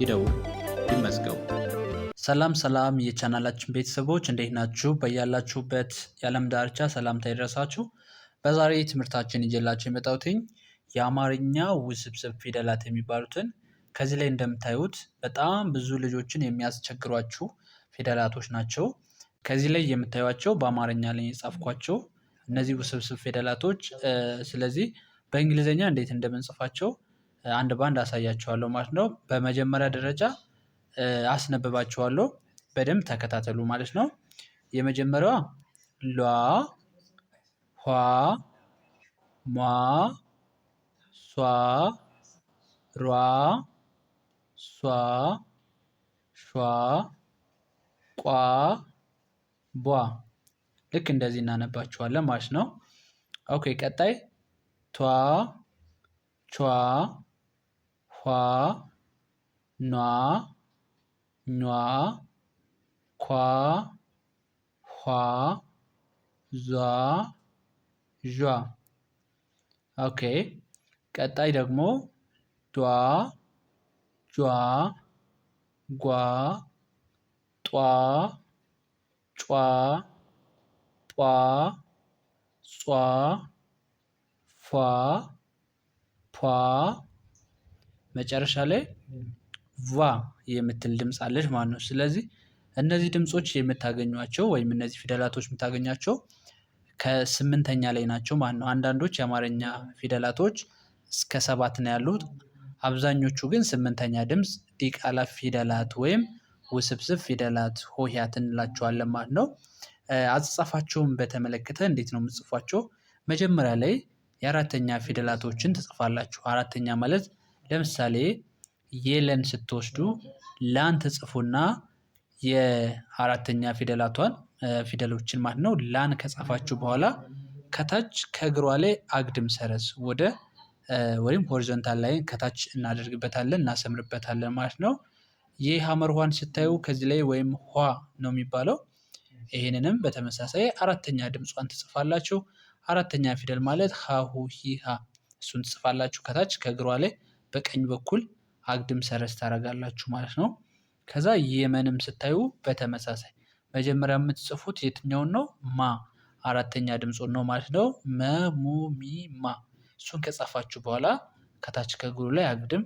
ይደውሉ፣ ይመዝገቡ። ሰላም ሰላም የቻናላችን ቤተሰቦች እንዴት ናችሁ? በያላችሁበት የዓለም ዳርቻ ሰላምታ ይድረሳችሁ። በዛሬ ትምህርታችን ይዤላችሁ የመጣሁትኝ የአማርኛ ውስብስብ ፊደላት የሚባሉትን ከዚህ ላይ እንደምታዩት በጣም ብዙ ልጆችን የሚያስቸግሯችሁ ፊደላቶች ናቸው። ከዚህ ላይ የምታዩቸው በአማርኛ ላይ የጻፍኳቸው እነዚህ ውስብስብ ፊደላቶች ስለዚህ በእንግሊዝኛ እንዴት እንደምንጽፋቸው አንድ በአንድ አሳያችኋለሁ ማለት ነው። በመጀመሪያ ደረጃ አስነብባችኋለሁ በደንብ ተከታተሉ ማለት ነው። የመጀመሪያዋ ሏ ኋ ሟ ሷ ሯ ሷ ሿ ቋ ቧ ልክ እንደዚህ እናነባችኋለን ማለት ነው። ኦኬ ቀጣይ ቷ ቿ ኳ ኗ ኟ ኳ ኋ ዟ ዣ ኦኬ። ቀጣይ ደግሞ ዷ ጇ ጓ ጧ ጯ ጧ ጿ ፏ ፏ መጨረሻ ላይ ቫ የምትል ድምፅ አለች ማለት ነው። ስለዚህ እነዚህ ድምፆች የምታገኟቸው ወይም እነዚህ ፊደላቶች የምታገኟቸው ከስምንተኛ ላይ ናቸው ማለት ነው። አንዳንዶች የአማርኛ ፊደላቶች እስከ ሰባት ነው ያሉት። አብዛኞቹ ግን ስምንተኛ ድምፅ ዲቃላ ፊደላት ወይም ውስብስብ ፊደላት ሆሄያት እንላቸዋለን ማለት ነው። አጻጻፋቸውን በተመለከተ እንዴት ነው የምጽፏቸው? መጀመሪያ ላይ የአራተኛ ፊደላቶችን ትጽፋላችሁ። አራተኛ ማለት ለምሳሌ የለን ስትወስዱ ላን ተጽፎና የአራተኛ ፊደላቷን ፊደሎችን ማለት ነው ላን ከጻፋችሁ በኋላ ከታች ከእግሯ ላይ አግድም ሰረዝ ወደ ወይም ሆሪዞንታል ላይን ከታች እናደርግበታለን እናሰምርበታለን ማለት ነው። ይህ ሀመር ስታዩ ከዚህ ላይ ወይም ውሃ ነው የሚባለው። ይህንንም በተመሳሳይ አራተኛ ድምጿን ትጽፋላችሁ። አራተኛ ፊደል ማለት ሀሁ ሂሃ እሱን ትጽፋላችሁ ከታች ከእግሯ ላይ በቀኝ በኩል አግድም ሰረዝ ታደርጋላችሁ ማለት ነው። ከዛ የመንም ስታዩ በተመሳሳይ መጀመሪያ የምትጽፉት የትኛውን ነው? ማ አራተኛ ድምፁን ነው ማለት ነው። ማ እሱን ከጻፋችሁ በኋላ ከታች ከእግሩ ላይ አግድም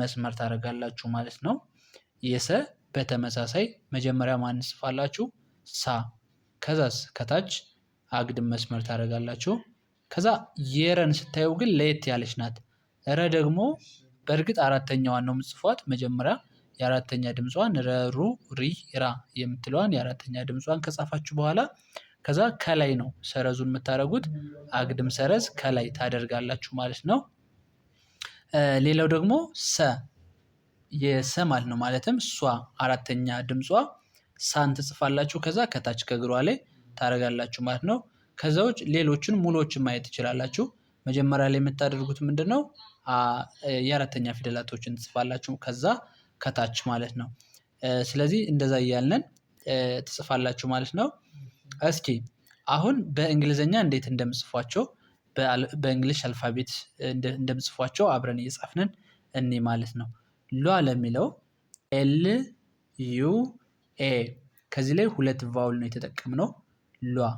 መስመር ታደርጋላችሁ ማለት ነው። የሰ በተመሳሳይ መጀመሪያ ማን ጽፋላችሁ? ሳ ከዛስ ከታች አግድም መስመር ታደርጋላችሁ። ከዛ የረን ስታዩ ግን ለየት ያለች ናት። ረ ደግሞ በእርግጥ አራተኛዋን ነው የምትጽፏት መጀመሪያ የአራተኛ ድምጿን ረሩ ሪ ራ የምትለዋን የአራተኛ ድምጿን ከጻፋችሁ በኋላ ከዛ ከላይ ነው ሰረዙን የምታደርጉት። አግድም ሰረዝ ከላይ ታደርጋላችሁ ማለት ነው። ሌላው ደግሞ ሰ የሰ ማለት ነው። ማለትም እሷ አራተኛ ድምጿ ሳን ትጽፋላችሁ። ከዛ ከታች ከእግሯ ላይ ታደርጋላችሁ ማለት ነው። ከዛዎች ሌሎችን ሙሎችን ማየት ትችላላችሁ። መጀመሪያ ላይ የምታደርጉት ምንድን ነው? የአራተኛ ፊደላቶችን ትጽፋላችሁ ከዛ ከታች ማለት ነው። ስለዚህ እንደዛ እያልን ትጽፋላችሁ ማለት ነው። እስኪ አሁን በእንግሊዘኛ እንዴት እንደምጽፏቸው በእንግሊሽ አልፋቤት እንደምጽፏቸው አብረን እየጻፍንን እኔ ማለት ነው። ሏ ለሚለው ኤል ዩ ኤ ከዚህ ላይ ሁለት ቫውል ነው የተጠቀምነው። ሏ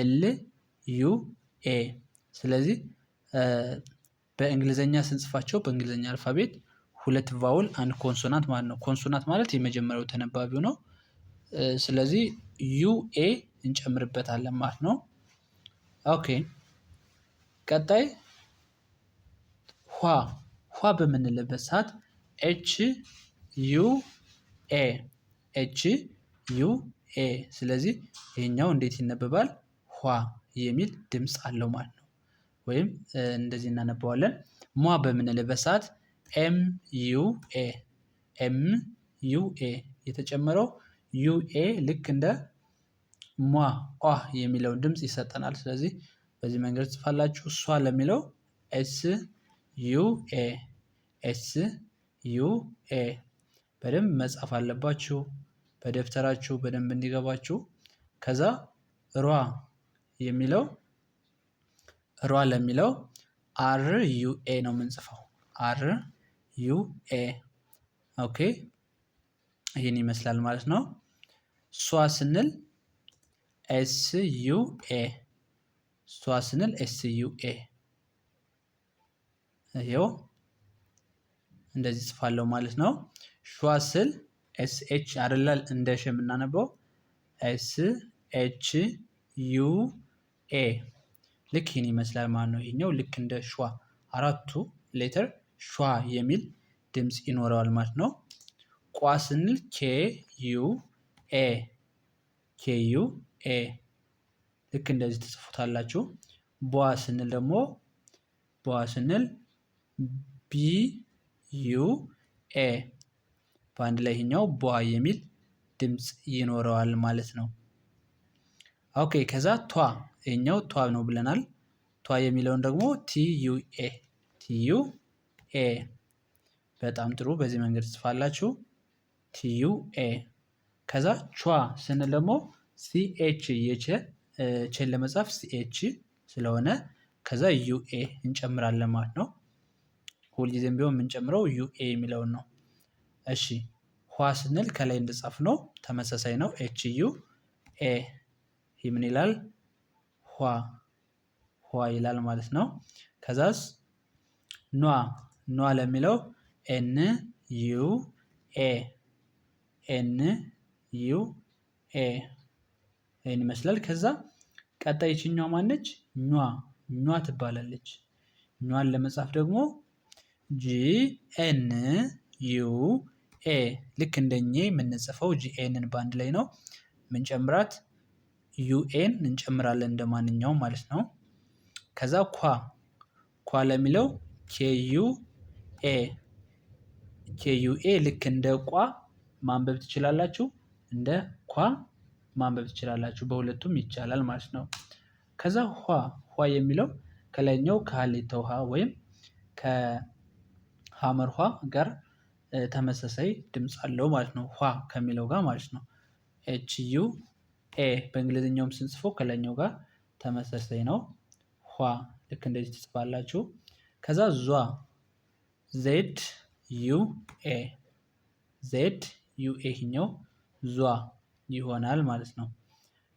ኤል ዩ ኤ ስለዚህ በእንግሊዘኛ ስንጽፋቸው በእንግሊዘኛ አልፋቤት ሁለት ቫውል አንድ ኮንሶናንት ማለት ነው። ኮንሶናንት ማለት የመጀመሪያው ተነባቢው ነው። ስለዚህ ዩ ኤ እንጨምርበታለን ማለት ነው። ኦኬ ቀጣይ ኋ ኋ በምንልበት ሰዓት ኤች ዩ ኤ ኤች ዩ ኤ። ስለዚህ ይህኛው እንዴት ይነበባል? ኋ የሚል ድምፅ አለው ማለት ነው። ወይም እንደዚህ እናነባዋለን። ሟ በምንልበት ሰዓት ኤም ዩ ኤ ኤም ዩ ኤ የተጨመረው ዩኤ ልክ እንደ ሟ ኦ የሚለውን ድምፅ ይሰጠናል። ስለዚህ በዚህ መንገድ ጽፋላችሁ። እሷ ለሚለው ኤስ ዩኤ ኤስ ዩ ኤ በደንብ መጻፍ አለባችሁ በደብተራችሁ በደንብ እንዲገባችሁ። ከዛ ሯ የሚለው ሯ ለሚለው አር ዩ ኤ ነው የምንጽፈው። አር ዩኤ ኦኬ። ይህን ይመስላል ማለት ነው። ሷ ስንል ኤስ ኤ፣ ሷ ስንል ኤስ ኤ። ይኸው እንደዚህ ጽፋለሁ ማለት ነው። ሿ ስል ኤስ ኤች አይደላል እንደ ሸ የምናነበው ኤስ ኤች ዩ ኤ ልክ ይህን ይመስላል ማለት ነው። ይሄኛው ልክ እንደ ሿ አራቱ ሌተር ሿ የሚል ድምፅ ይኖረዋል ማለት ነው። ቋ ስንል ኬ ዩ ኤ ኬ ዩ ኤ ልክ እንደዚህ ትጽፉታላችሁ። ቧ ስንል ደግሞ ቧ ስንል ቢ ዩ ኤ በአንድ ላይ ይሄኛው ቧ የሚል ድምፅ ይኖረዋል ማለት ነው። ኦኬ ከዛ ቷ ይሄኛው ቷ ነው ብለናል። ቷ የሚለውን ደግሞ ቲዩኤ ኤ በጣም ጥሩ። በዚህ መንገድ ትጽፋላችሁ? ቲዩኤ። ከዛ ቿ ስንል ደግሞ ሲኤች የቸ ቼን ለመጻፍ ሲኤች ስለሆነ ከዛ ዩኤ እንጨምራለን ማለት ነው። ሁልጊዜም ቢሆን የምንጨምረው ዩኤ የሚለውን ነው። እሺ ኋ ስንል ከላይ እንደጻፍ ነው ተመሳሳይ ነው። ኤች ዩ ኤ ይህ ምን ይላል? ኋ ኋ ይላል ማለት ነው። ከዛስ ኗ ኗ ለሚለው ኤን ዩ ኤ ኤን ዩ ኤ ይህን ይመስላል። ከዛ ቀጣይ ይችኛዋ ማነች? ኟ ኟ ትባላለች። ኟን ለመጻፍ ደግሞ ጂ ኤን ዩ ኤ ልክ እንደኛ የምንጽፈው ጂኤንን በአንድ ላይ ነው ምንጨምራት ዩኤን እንጨምራለን እንደማንኛው ማለት ነው። ከዛ ኳ ኳ ለሚለው ኬዩኤ ኬዩኤ ልክ እንደ ቋ ማንበብ ትችላላችሁ፣ እንደ ኳ ማንበብ ትችላላችሁ። በሁለቱም ይቻላል ማለት ነው። ከዛ ኋ ኋ የሚለው ከላይኛው ከሀሌተ ውሃ ወይም ከሀመር ኋ ጋር ተመሳሳይ ድምፅ አለው ማለት ነው። ኋ ከሚለው ጋር ማለት ነው ኤች ዩ ኤ በእንግሊዝኛውም ስንጽፎ ከላይኛው ጋር ተመሳሳይ ነው። ኋ ልክ እንደዚህ ትጽፋላችሁ። ከዛ ዟ ዜድ ዩ ኤ ዜድ ዩ ኤ ኛው ዟ ይሆናል ማለት ነው።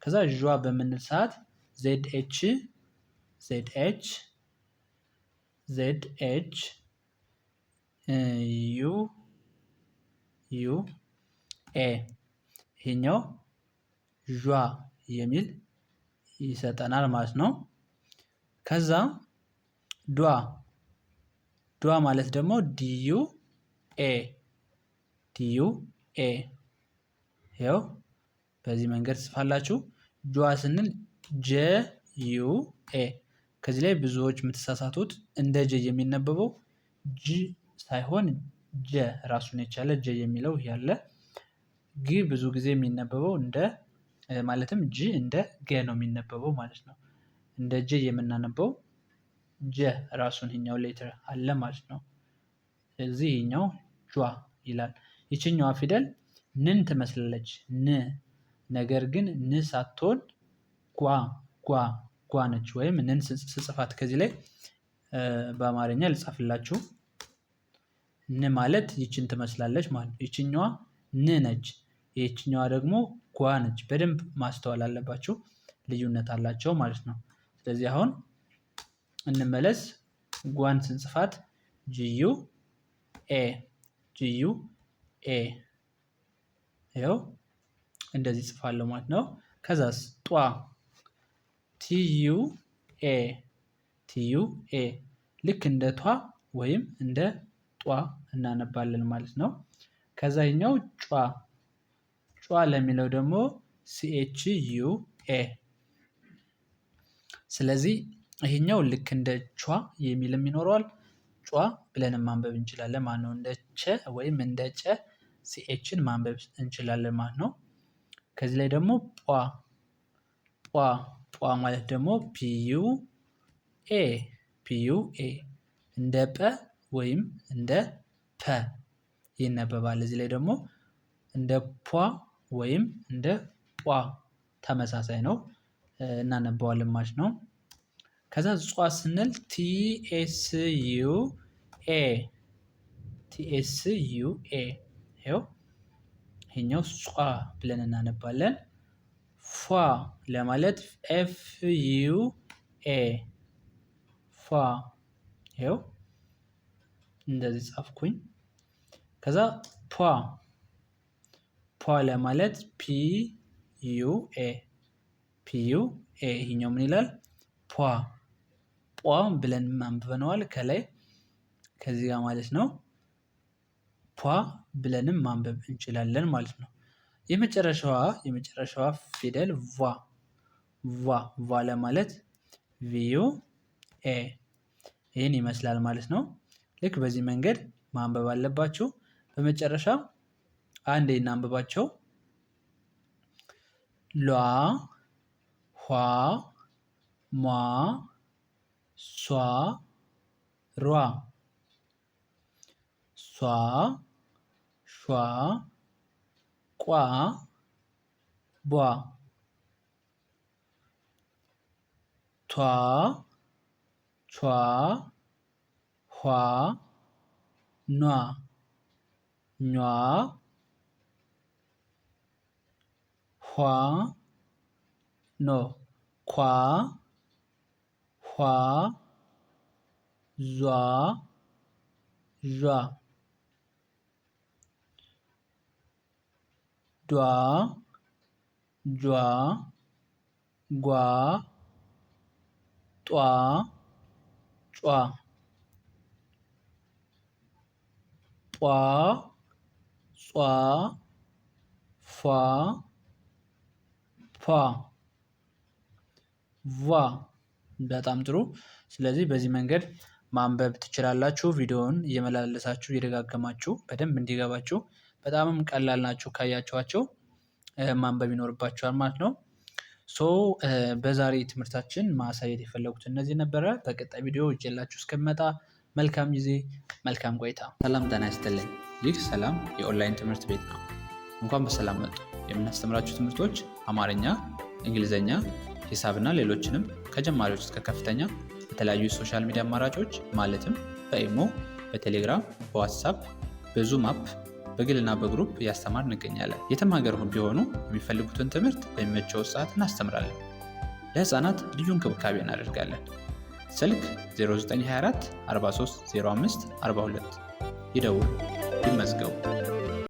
ከዛ ዟ በምንል ሰዓት ዜድ ኤች ዜድ ኤች ዜድ ኤች ዩ ዩ ኤ ይሄኛው ዣ የሚል ይሰጠናል ማለት ነው። ከዛ ዷ ዷ ማለት ደግሞ ዲዩ ኤ ዲዩ ኤ ይኸው በዚህ መንገድ ስፋላችሁ ጇ ስንል ጀ ዩ ኤ። ከዚህ ላይ ብዙዎች የምትሳሳቱት እንደ ጀ የሚነበበው ጅ ሳይሆን ጀ ራሱን የቻለ ጀ የሚለው ያለ ግ ብዙ ጊዜ የሚነበበው እንደ ማለትም ጅ እንደ ገ ነው የሚነበበው ማለት ነው። እንደ ጅ የምናነበው ጀ ራሱን ይኛው ሌትር አለ ማለት ነው። ስለዚህ ይኛው ጇ ይላል። ይችኛዋ ፊደል ንን ትመስላለች ን፣ ነገር ግን ን ሳትሆን ጓ ጓ ጓ ነች። ወይም ንን ስጽፋት ከዚህ ላይ በአማርኛ ልጻፍላችሁ። ን ማለት ይችን ትመስላለች ማለት ነው። ይችኛዋ ን ነች። ይችኛዋ ደግሞ ጓ ነች። በደንብ ማስተዋል አለባቸው ልዩነት አላቸው ማለት ነው። ስለዚህ አሁን እንመለስ። ጓን ስንጽፋት ጂዩ ኤ ጂዩ ኤ ይኸው እንደዚህ ጽፋለሁ ማለት ነው። ከዛስ ጧ ቲዩ ኤ ቲዩ ኤ ልክ እንደ ቷ ወይም እንደ ጧ እናነባለን ማለት ነው። ከዛኛው ጯ ጨዋ የሚለው ደግሞ ሲኤች ዩ ኤ። ስለዚህ ይሄኛው ልክ እንደ ቿ የሚልም ይኖረዋል። ጯ ብለንም ማንበብ እንችላለን ማለት ነው። እንደ ቸ ወይም እንደ ጨ ሲኤችን ማንበብ እንችላለን ማለት ነው። ከዚህ ላይ ደግሞ ጳ ማለት ደግሞ ፒዩ ኤ ፒዩ ኤ እንደ ጰ ወይም እንደ ፐ ይነበባል። እዚህ ላይ ደግሞ እንደ ፖ ወይም እንደ ቋ ተመሳሳይ ነው እናነበዋለን ማለት ነው። ከዛ ጿ ስንል ቲኤስዩ ኤ ቲኤስዩ ኤ ይኸው ይሄኛው ጿ ብለን እናነባለን። ፏ ለማለት ኤፍ ዩ ኤ ፏ ይኸው እንደዚህ ጻፍኩኝ። ከዛ ፖ ፖለ ለማለት ፒ ዩ ኤ ፒ ዩ ኤ። ይሄኛው ምን ይላል? ፖ ፖ ብለን አንብበነዋል ከላይ ከዚህ ጋር ማለት ነው። ፖ ብለንም ማንበብ እንችላለን ማለት ነው። የመጨረሻዋ የመጨረሻዋ ፊደል ቫ ቫ ቫ ለማለት ቪዩ ኤ ይህን ይመስላል ማለት ነው። ልክ በዚህ መንገድ ማንበብ አለባችሁ። በመጨረሻ አንዴ እናንብባቸው። ሏ ኋ ሟ ሷ ሯ ሷ ሿ ቋ ቧ ቷ ቿ ኋ ኗ ኟ ኳ ኖ ኳ ኋ ዟ ዣ ዷ ጇ ጓ ጧ ጯ ጧ ጿ ፏ ፓ ቫ በጣም ጥሩ። ስለዚህ በዚህ መንገድ ማንበብ ትችላላችሁ። ቪዲዮውን እየመላለሳችሁ እየደጋገማችሁ በደንብ እንዲገባችሁ በጣምም ቀላል ናችሁ ካያችኋቸው ማንበብ ይኖርባችኋል ማለት ነው። ሶ በዛሬ ትምህርታችን ማሳየት የፈለጉት እነዚህ ነበረ። በቀጣይ ቪዲዮ እጀላችሁ እስከመጣ መልካም ጊዜ፣ መልካም ቆይታ። ሰላም ጤና ይስጥልኝ። ይህ ሰላም የኦንላይን ትምህርት ቤት ነው። እንኳን በሰላም መጡ። የምናስተምራችሁ ትምህርቶች አማርኛ፣ እንግሊዝኛ፣ ሂሳብና ሌሎችንም ከጀማሪዎች እስከ ከፍተኛ የተለያዩ የሶሻል ሚዲያ አማራጮች ማለትም በኢሞ፣ በቴሌግራም፣ በዋትሳፕ፣ በዙም አፕ በግልና በግሩፕ እያስተማር እንገኛለን። የትም ሀገር ቢሆኑ የሚፈልጉትን ትምህርት በሚመቸው ሰዓት እናስተምራለን። ለህፃናት ልዩ እንክብካቤ እናደርጋለን። ስልክ 0924 4305 42 ይመዝገቡ።